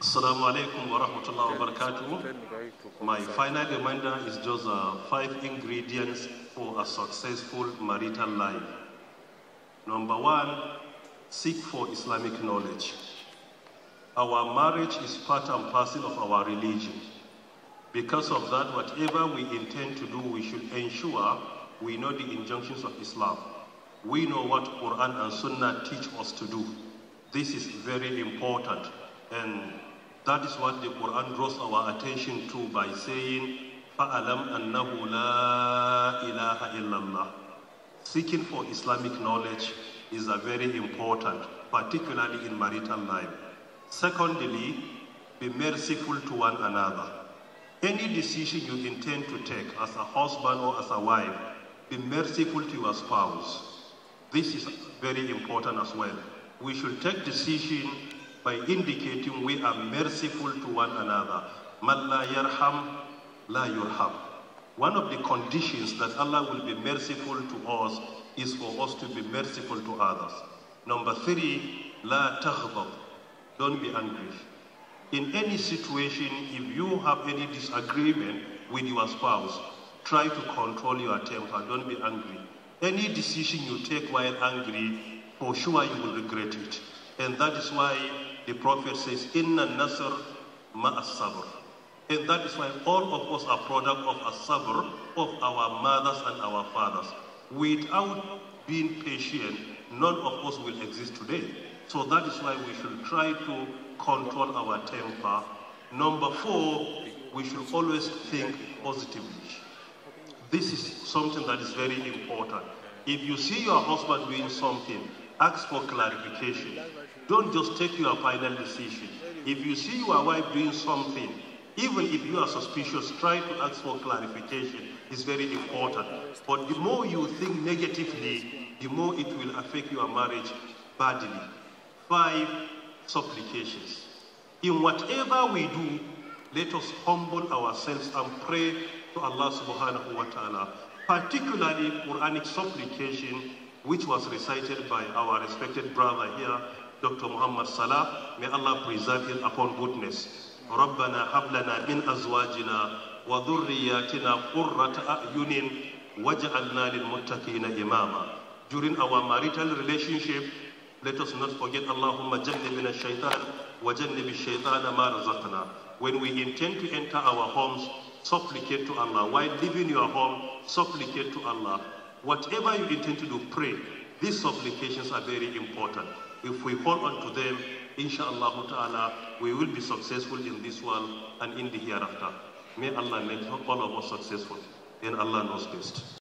Assalamu alaikum wa rahmatullahi wa barakatuh. My final reminder is just uh, five ingredients for a successful marital life. Number one, seek for Islamic knowledge. Our marriage is part and parcel of our religion. Because of that, whatever we intend to do, we should ensure we know the injunctions of Islam. We know what Quran and Sunnah teach us to do. This is very important. And that is what the Quran draws our attention to by saying, فَأَلَمْ أَنَّهُ لَا إِلَهَ إِلَّا اللَّهِ Seeking for Islamic knowledge is a very important, particularly in marital life. Secondly, be merciful to one another. Any decision you intend to take as a husband or as a wife, be merciful to your spouse. This is very important as well. We should take decision by indicating we are merciful to one another. Man la yarham, la yurham. One of the conditions that Allah will be merciful to us is for us to be merciful to others. Number three, la taghdab. Don't be angry. In any situation, if you have any disagreement with your spouse, try to control your temper. Don't be angry. Any decision you take while angry, for sure you will regret it. And that is why the Prophet says, Inna nasr ma'as sabr. And that is why all of us are product of a sabr of our mothers and our fathers. Without being patient, none of us will exist today. So that is why we should try to control our temper. Number four, we should always think positively. This is something that is very important. If you see your husband doing something, ask for clarification. Don't just take your final decision. If you see your wife doing something, even if you are suspicious, try to ask for clarification. It's very important. But the more you think negatively, the more it will affect your marriage badly. Five, supplications. In whatever we do, let us humble ourselves and pray to Allah subhanahu wa ta'ala, particularly Quranic supplication which was recited by our respected brother here, Dr. Muhammad Salah. May Allah preserve him upon goodness. ربنا هب لنا من أزواجنا وذرياتنا قرة أعين واجعلنا للمتقين إماما. During our marital relationship, let us not forget Allahumma jannibina shaitan wa jannibi shaitana ma When we intend to enter our homes, supplicate to Allah. While leaving your home, supplicate to Allah. Whatever you intend to do, pray. These supplications are very important. If we hold on to them, inshallah ta'ala, we will be successful in this world and in the hereafter. May Allah make all of us successful. And Allah knows best.